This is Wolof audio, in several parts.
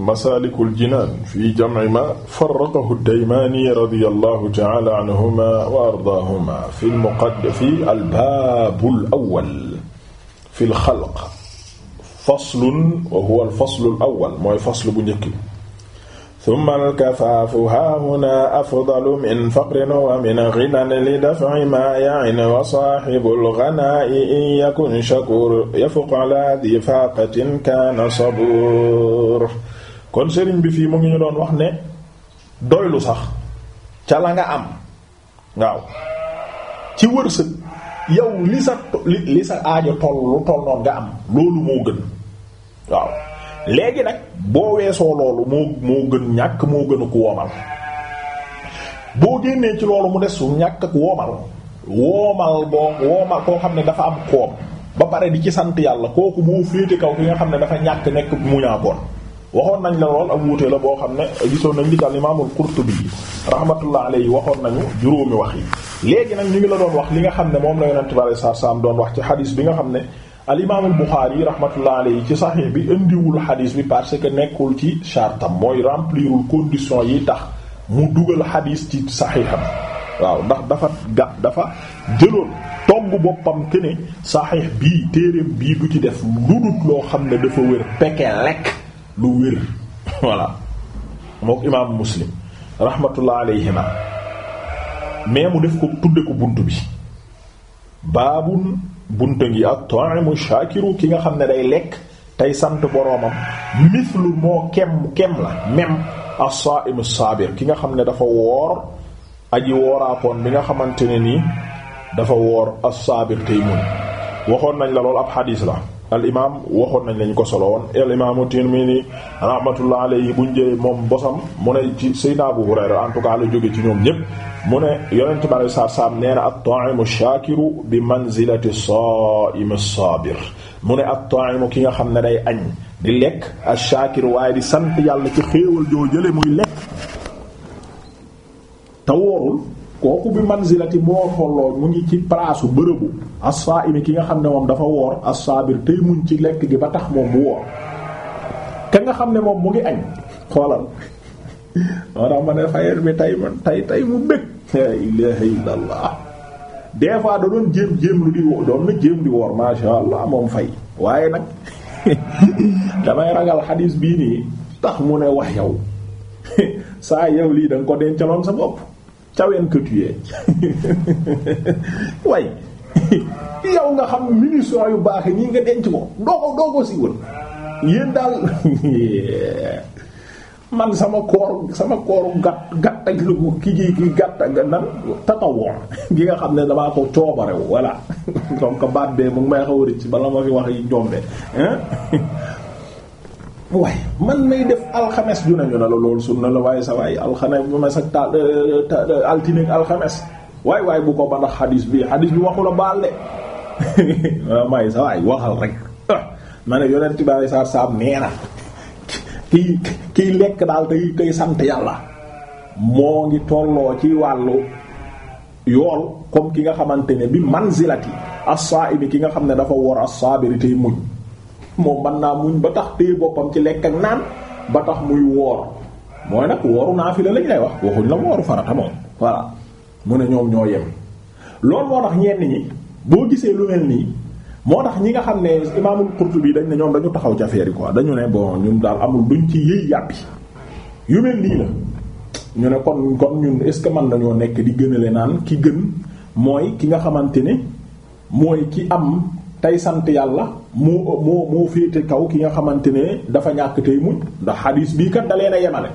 masaalikul jinaan fi jam'i ma farraqahu ad-Daymaani radiyallahu ta'ala anhumaa wa ardaahumaa fil muqaddam fi al-baabul awwal fil xalq faslun wa huwa al-faslul awwal mooy faslu bu njëkk bi. summa al-kafaafu haahunaa afdalu min faqrin wa min ghinan li daf'i maa ya'in wa saahibul ghanaa'i in yakun shakuuran yafqu alaa dhii faaqatin kaana sabuuran kon sëriñ bi fii mu ngi ñu doon wax ne doylu sax ca la nga am waaw ci wërsëg yow li sa li sa aajo toll lu toll nga am loolu moo gën waaw léegi nag boo weesoo loolu moo moo gën ñàkk moo gën ak woomal boo génnee ci loolu mu des ñàkk ak woomal woomal boo woomal koo xam ne dafa am koom ba pare di ci sant yàlla kooku moo féete kaw ki nga xam ne dafa ñàkk nekk muñaa koon waxoon nañ la lool ak wuute la boo xam ne gisoon nañ li ci al imaamul Qurtubi rahmatullah yi waxoon nañu juróomi wax yi léegi nag ñu ngi la doon wax li nga xam ne moom la yonent bi saa saam doon wax ci xadis bi nga xam ne al imaamul Buxaari rahmatullah alayhi ci saxiix bi indiwul xadis bi parce que nekkul ci chartam mooy remplirul condition yi tax mu dugal xadis ci saxiixam waaw ndax dafa ga dafa jëloon togg boppam ke ne saxiix bii bii du ci def ludut loo xam ne dafa wér pekke lu wér voilà mook imaamu muslim rahmatullah alayhima mais mu def ko tudde ko bunt bi baabun bunta ngi at-ta'imu shakiru ki nga xam ne day lekk tey sant boroomam mislu moo kem kem la même as-sa'imu sabir ki nga xam ne dafa woor aji wooraakoon bi nga xamante ne nii dafa woor as-sabir tey mun waxoon nañ la loolu ab xadiis la al imaam waxoon nañ lañ ko solo woon al imaamu Tirmidhi rahmatullah alayhi buñ moom bosam mu ne ci Seydina Abu Hurayra en tout cas la jóge ci ñoom ñépp mu ne yonent bi alei saatu salaam nee na at-ta'imu shakiru bi manzilati as-sa'im as mu ne at-ta'imu ki nga xam ne day añ di lekk ash-shakir waaye di sant yàlla ci xéewal joo jële muy lekk te kooku bi manzilati moo xolloo mu ngi ci palaasu bërëbu as-sa'imi ki nga xam ne moom dafa woor as-sabir tey muñ ci lekk gi ba tax moom bu woor ka nga xam ne moom mu ngi añ xoolal moo tax ma ne fayer bi tay man tay tay mu des fois da doon jéem jéem lu di woo doon woor masha allah moom fay waaye nag damay ragal xadiis bii nii tax mu ne wax yow saa yow lii da nga ko dencaloon sa bopp caween que tu es waaye yow nga xam munitions yu baax yi nga denc ko doo ko doo ko siiwal yéen daal man sama koor sama kooru gàtt gàtt ak lu ki gi ki gàtt ak nan tatawoon gi nga xam ne damaa ko coobarew voilà donc baat bee mu ngi may xaw a rëcc bala ma fi wax yi njombe waaye man may def alxames ju nañu na la loolu sunna la waaye sa waaye alxames ak ta altine ak alxames waaye waaye bu ko ba ndax xadis bi xadis bi waxu la baal de ah, waaye sa waay waxal rek ma ne yonent bi ay saar saam nee na kiy kiy lekk daal te koy sant yàlla moo ngi tolloo ci wàllu yool comme ki nga xamante ne bi man manzilati as-sa'imi ki nga xam ne dafa wor as-sabiri tey muñ moom mën naa muñ ba tax téye boppam ci lekk ak naan ba tax muy woor mooy nag wooru la lañ lay wax waxuñ la wooru farata moom voilà mu ne ñoom ñoo yem. loolu moo tax ñenn ñi boo gisee lu mel nii moo tax ñi nga xam ne imaamul Qurtubi dañ ne ñoom dañu taxaw ci affaire yi quoi dañu ne bon ñun daal amul duñ ci yëy yàppi yu mel nii la ñu ne kon kon ñun est ce que mën nañoo nekk di gënale naan ki gën mooy ki nga xamante ne mooy ki am tey sant yàlla moo moo moo féete kaw ki nga xamante ne dafa ñàkk tey muñ ndax xadiis bii kat da leen a yemale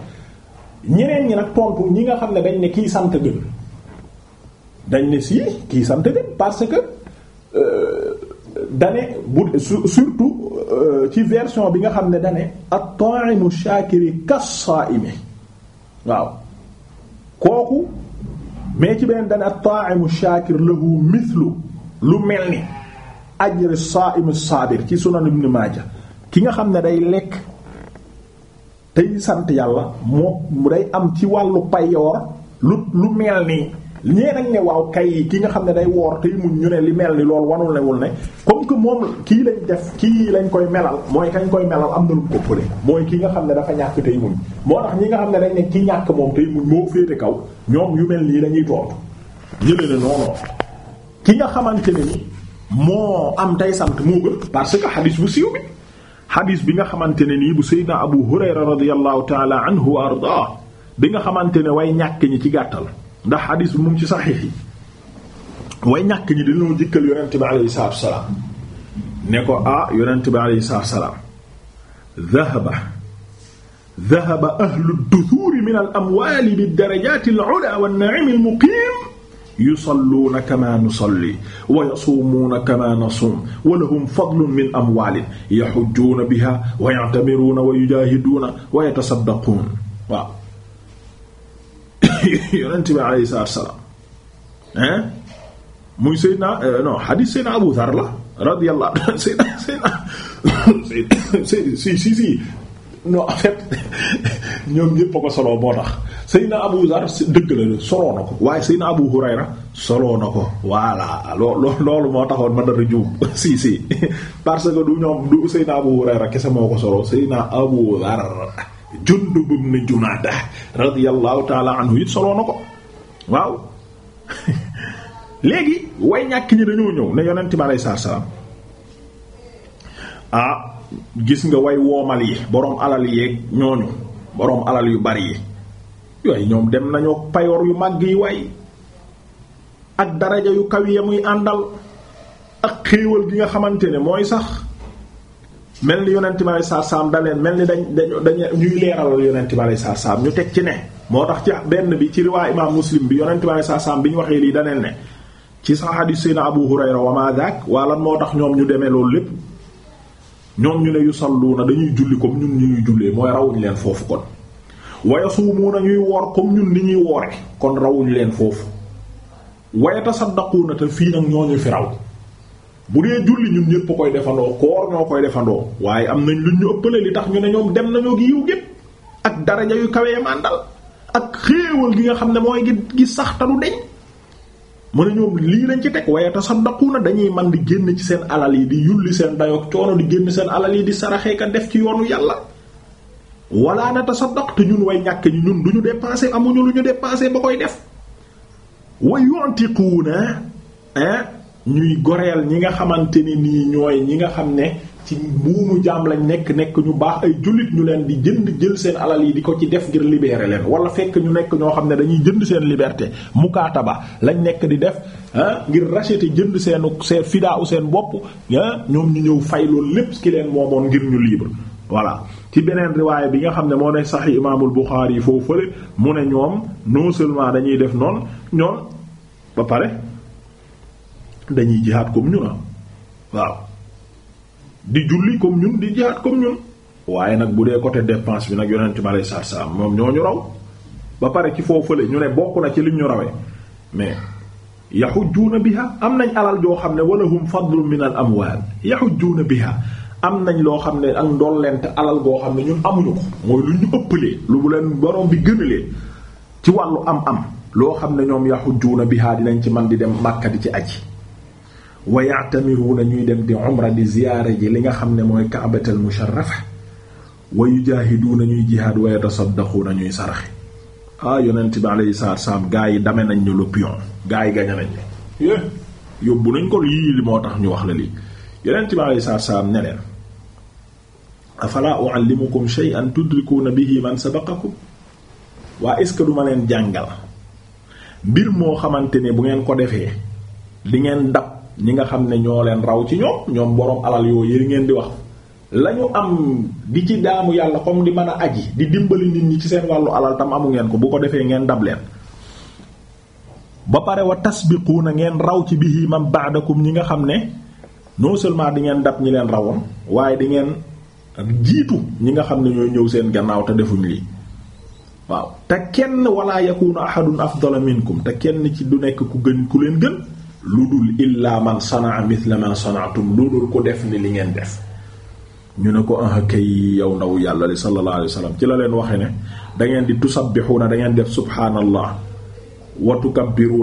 ñeneen ñi nag tontu ñi nga xam ne dañ ne kii sant gën dañ ne si kii sant gën parce que euh, dane bu surtout euh, ci version bi nga xam ne dane at-ta'imu shakiri kas-sa'imi waaw kooku mais ci beneen dane at-ta'imu la lahu mithlu lu mel ni ajri saa'im saabir ci sunan ibn maaja ki nga xam ne day lekk tey sant yàlla moo mu day am ci wàllu payoor lu lu mel nii ñee nag ne waaw kay ki nga xam ne day woor tey muñ ñu ne li mel ni loolu wanul newul ne comme que moom kii lañ def kii lañ koy melal mooy kañ koy melal am na lu ko pële mooy ki nga xam ne dafa ñàkk tey muñ moo tax ñi nga xam ne day nekk ci ñàkk moom tey muñ moo féete kaw ñoom yu mel nii dañuy toog ki nga xamante ne ni moo am tey sant moo gën parce que xadis bu si bi xadis bi nga xamante ne nii bu Seydina Abu Hurayra radiyallahu taala anhu wa ardaa bi nga xamante ne way ñàkk ñi ci gàttal ndax xadis bi mu ngi ci saxiix yi way ñàkk ñi dañoo njëkkal yonent bi alayhi salaatu salaam ne ko ah yonent bi alayhi salaatu salaam dahaba dahaba ahlu dusuuri min al amwaali bi darajaati al ulaa wan na'iim al muqiim yusalluuna kama nusalli wa yasuumuuna kama nasuum wa lahum fadlun min amwaalin yahujjuuna biha wa ya'tamiruuna wa yujaahiduuna wa yatasaddaquun waaw yonent bi alayhi salaatu wa salaam muy Seydina euh, non hadith Seydina Abu Dharr la radiyallahu Seydina Seydina si si si non en fait ñoom ñépp ko soloo boo tax Seydina Abu Zar dëgg la soloo na ko waaye Seydina Abu Hurayra soloo na ko voilà loo loolu moo taxoon ma dara juum si si parce que du ñoom du Seydina Abu Hurayra kese moo ko soloo Seydina Abu Zar Jundub ibn Junaada radiyallahu taala anhu it soloo na ko waaw léegi way ñàkk ñi dañoo ñëw ne yonent bi aleyhi salaam ah gis nga woy woomal yi boroom alal yeeg ñooñu boroom alal yu bari yi yooyu ñoom dem nañoo payoor yu màgg yi waay ak daraja yu kaw ya muy àndal ak xéewal gi nga xamante ne mooy sax mel ni yonent bi alayhi salaam da leen mel ni dañ dañ ñuy leeralal yonent bi alayhi salaam ñu teg ci ne moo tax ci benn bi ci riwaa imaam muslim bi yonent bi alayhi salaam bi ñu waxee lii da leen ne ci sax hadiis Seydina Abu Hurayra wa waa lan moo tax ñoom ñu demee loolu lépp ñoom ñu ne yu na dañuy julli comme ñun ñuy jullee mooy rawuñ leen foofu kon waya suumuuna ñuy woor comme ñun ni ñuy woore kon rawuñu leen foofu waya tasaddaquuna te fii nag ñooñu fi raw bu dee julli ñun ñëpp koy defandoo koor ñoo koy defandoo waaye am nañ luñ ñu ëppale li tax ñu ne ñoom dem nañoo gi yiw gépp ak daraja yu kawee màndal ak xéewal gi nga xam ne mooy gi gis sax ta du deñ mu ne ñoom lii lañ ci teg waaye na dañuy man di génn ci seen alal yi di yulli seen dayoog coono di génn seen alal yi di saraxee ka def ci yoonu yàlla wala na tasaddaq te ñun way ñàkk ñu ñun du ñu dépensé amuñu lu ñu dépensé ba koy def way yontiquuna ñuy goreel ñi nga xamante ni nii ñooy ñi nga xam ne ci buumu jaam lañ nekk nekk ñu baax ay jullit ñu leen di jënd jël seen alal yi di ko ci def ngir libérer leen wala fekk ñu nekk ñoo xam ne dañuy jënd seen liberte mukaata ba lañ nekk di def ah ngir racheter jënd seenu seen fidaa u seen bopp ah, ñoom ñu ñëw fay loolu lépp ki leen moomoon ngir ñu libre voilà ci beneen riwaaya bi nga xam ne moo ne sax imaamul Buxaari yi foofu fële mu ne ñoom non seulement dañuy def noonu ñoom ba pare dañuy jihaad comme ñu na ah. waaw di julli comme ñun di jihaad comme ñun waaye nag bu dee côté dépense bi nag yonent bi alayhi salaatu salaam moom ñoo ñu raw ba pare ci foofu foofule ñu ne bokk na ci lim ñu rawee mais yahujjuuna biha am nañ alal joo xam ne walahum fadlun min al amwaal yahujjuuna biha am nañ loo xam ne ak ndollent alal goo xam ne ñun amuñu ko mooy lu ñu ëppalee lu bu leen borom bi gënalee ci wàllu am am loo xam ne ñoom yahujjuuna biha dinañ ci man di dem Makka di ci aji wa ya'tamiruuna ñuy dem di umra di ji li nga xam ne mooy ka'batal musharrafa wa yujaahiduuna ñuy jihaad wa yatasaddaquuna ñuy saraxe ah yonent bi alayhi salaatu salaam gaa yi dame nañ ñu le pion gaa yi gañe nañ ñu eh, yóbbu nañ ko lii li moo tax ñu wax la lii yonent bi alayhi salaatu salaam ne leen afala u'allimukum shay'an tudrikuuna bihi man sabaqakum waa est-ce que duma leen jàngal mbir moo xamante ne bu ngeen ko defee di ngeen dab ñi nga xam ne ñoo leen raw ci ñoom ñoom borom alal yoo yëri ngeen di wax lañu am di ci daamu yàlla comme di mën a aji di dimbali nit ñi ci seen wàllu alal tam amu ngeen ko bu ko defee ngeen dab leen ba pare wa na ngeen raw ci bihi man ba'dakum ñi nga xam ne non seulement di ngeen dab ñi leen rawoon waaye di ngeen jiitu ñi nga xam ne ñooy ñëw seen gannaaw te defuñu lii waaw te kenn wala yakunu ahadun afdala minkum te kenn ci du nekk ku gën ku leen gën lu dul illaa man sanaa mithla ma sanaatum lu dul ku def ni li ngeen def ñu ne ko ah kay yow ndaw yàlla li sallallahu alayhi wasallam ci la leen waxe ne da ngeen di tusabbihuna da ngeen def subhaanallah wa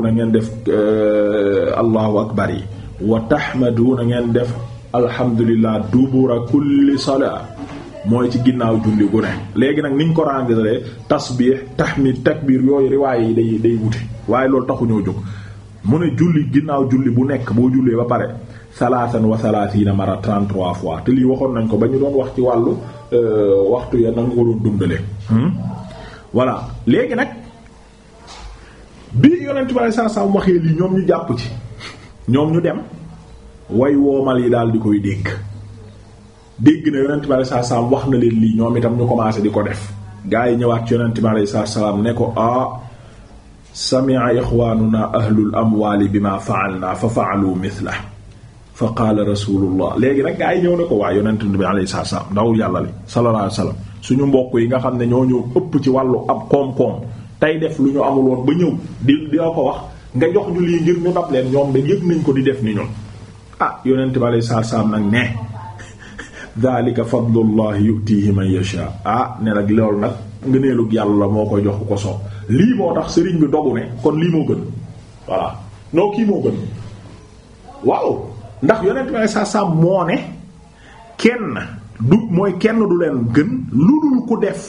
na ngeen def eh, allahu akbar yi wa tahmaduna ngeen def alhamdulillah dubura kulli salaa mooy ci ginnaaw julli gu léegi nag niñ ko rengalee tasbih tahmid takbir yooyu riwaay yi day day wuti waaye loolu taxuñoo jóg mu ne julli ginnaaw julli bu nekk boo jullee ba pare salaasan wa salaasiina mara 33 fois te lii waxoon nañ ko ba ñu doon wax ci wàllu euh, waxtu ya na nga ko doon dundale hmm? voilà léegi nag bi yonent bi saa saa waxee lii ñoom ñu jàpp ci ñoom ñu dem way woomal yi daal di koy dégg dégg na yonent bi saa saa wax na leen lii ñoom itam ñu commencé di ko def. gaa yi ñëwaat ci yonent bi saa salaam ne ko ah. sami'a ixwaanuna ahlul amwaali bima fa'alna fa fa'alu mithla fa qaala rasulullah léegi nag gaa yi ñëw ne ko waa yonent bi alayhi salaam ndawul yàlla li sallallahu alayhi wasallam suñu mbokk yi nga xam ne ñoo ñu ëpp ci wàllu ab koom-koom tey def lu ñu amul woon ba ñëw di di ko wax nga jox ñu lii ngir ñu dab leen ñoom de yëg nañ ko di def ni ñun ah yonent bi alayhi salaam nag ne dhalika fadlullahi yu'tihi man yasha ah ne nag loolu nag ngëneelug yàlla moo koy jox ko soob lii moo tax sëriñ bi dogu ne kon lii moo gën voilà noo kii moo gën waaw ndax yonent bi saa moo ne kenn du mooy kenn du leen gën lu dul ku def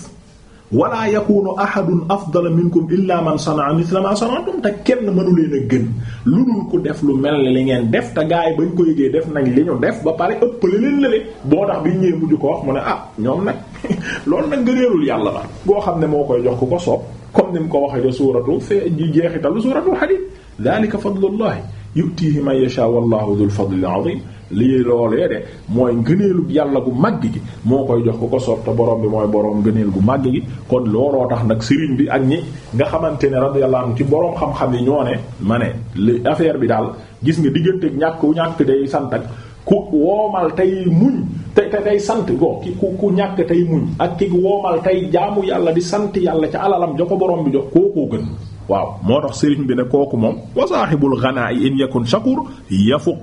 wala yakunu ahadun afdala minkum illa man sanaa mithla ma sanaatum te kenn mënu leen gën lu dul ku def lu mel ne li ngeen def te gars yi bañ ko yëgee def nañ li ñu def ba pare ëpp leen lële boo tax bi ñëwee mujj ko wax mu ne ah ñoom nag loolu nag ngëneelul yàlla la boo xam ne moo koy jox ku ko soob comme ni mu ko waxee suuratu fee jeexitalu suuratul Hadiid daalika fadlullahi yutiihi man yashaa wallahu dhul fadlil azim lii loolee de mooy ngëneelu yàlla gu màgg gi moo koy jox ku ko soob te boroom bi mooy boroom ngëneel gu màgg gi kon looloo tax nag sëriñ bi ak ñi nga xamante ne radiyallahu anhu ci borom xam-xam yi ñoo ne ma ne li affaire bi daal gis nga diggante ñàkk ñàkk day sant te sant boo ki ku ku ñàkk tey muñ ak ki woomal tay jaamu yàlla di sant yàlla ca alalam jox ko borom bi jox kookoo gën waaw moo tax sëriñ bi ne kooku moom wa saaxibul ganaa'i in yakun shakur yafuq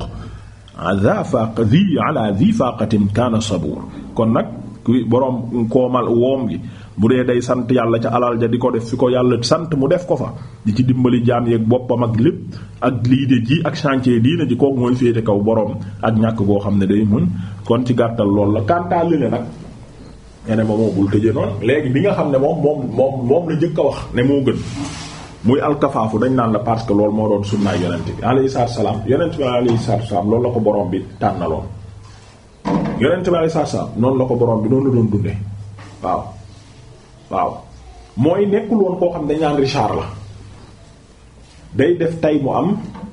ala faq di ala di faqatin kaana sabuur kon nag ku borom koomal woom gi bu dee day sant yàlla ca alal ja di ko def fi ko yàlla sant mu def ko fa di ci dimbali jaam yeeg boppam ak lépp ak lii de ji ak chantier diina ji kooku mooy féete kaw boroom ak ñàkk goo xam ne day muñ kon ci gàttal loolu la kantaa li nag nga ne ma moo bul tëje noonu léegi bi nga xam ne moom moom moom la njëkk a wax ne moo gën muy alkafaafu dañ naan la parce que loolu moo doon sunnaay yonent bi alayhi salaatu salaam yonent bi alayhi salaatu salaam loolu la ko borom bi tànnaloon yonent bi alayhi salaatu salaam noonu la ko borom bi noonu la doon dundee waaw mooy nekkul woon koo xam ne dañ naan Richard la day def tay mu am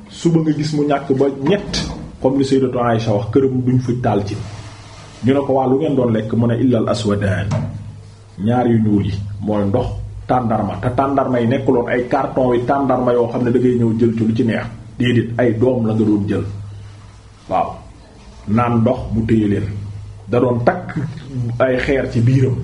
suba nga gis mu ñàkk ba ñett comme li Sayyidatu Aïcha wax këram duñ fuj taal ci ñu ne ko waa lu ngeen doon lekk mu a illal aswadaan ñaar yu ñuul yi mooy ndox tàndarma te tàndarma yi nekkuloon ay carton yi tàndarma yoo xam ne dangay ñëw jël ci lu ci neex déedéet ay doom la nga doon jël waaw naan ndox mu téye leen da doon takk ay xeer ci biiram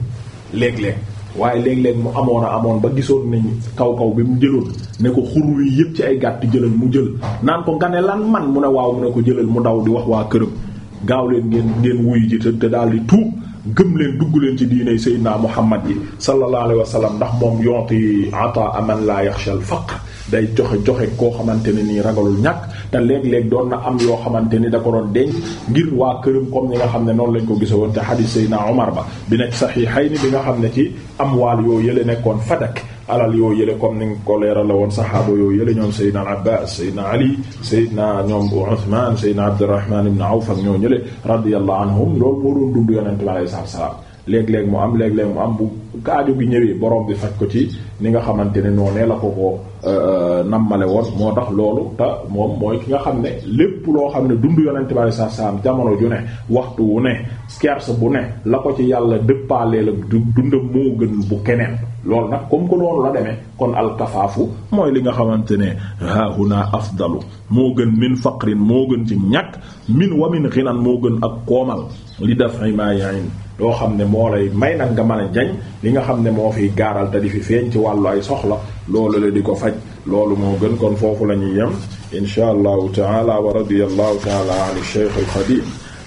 léeg-léeg waaye léeg-léeg mu amoon a amoon ba gisoon nañu kaw kaw bi mu jëloon ne ko xur wi yëpp ci ay gàtt jëlal mu jël naan ko nga ne lan man mu ne waaw mu ne ko jëlal mu daw di wax waa këram gaaw leen ngeen ngeen wuyu ji te daal di tuub gëm leen dugg leen ci diine Seydina Muhammad yi sallallahu alayhi wa sallam ndax moom yonti ata aman la yaxshal faqr day joxe joxe koo xamante ne nii ragalul ñàkk te léeg-léeg doon na am yoo xamante ni da ko doon denc ngir waa këram comme ñi nga xam ne noonu lañ ko gisoon te xadiis Seydina Omar ba bi nekk Sahihayni bi nga xam ne ci amwaal yoo yële nekkoon fadak alal yoo yële comme ni ko leeral la woon saxaaba yoo yële ñoom Seydina Abbas Seydina Ali Seydina ñoom Usmaan Seydina Abdurrahmaan ibn Awf ak ñoo ñële radiyallahu anhum loolu moo doon dund yonente bi alayhi léeg-léeg mu am léeg-léeg mu am bu kaaju gi ñëwee borom bi faj ko ci ni nga xamante ne noonee la ko ko euh, euh, nammale woon moo tax loolu te moom mooy ki nga xam ne lépp loo xam ne dund yonente bari sa saam jamono ju ne waxtu wu ne skers bu ne la ko ci yàlla dëppaalee la dundam moo gën bu keneen loolu nag comme que loolu la demee kon altafaafu mooy li nga xamante ne hahuna afdalu moo gën min faqrin moo gën ci ñàkk min wa min ghinan moo gën ak koomal li dafa ma yain loo xam ne moo lay may nag nga mën a jañ li nga xam ne moo fiy gaaral te di fi feeñ ci wàllu ay soxla loolu la di ko faj loolu moo gën kon foofu la ñuy yem insha allahu taala wa radiyallahu taala an ash-shaykh al-khadim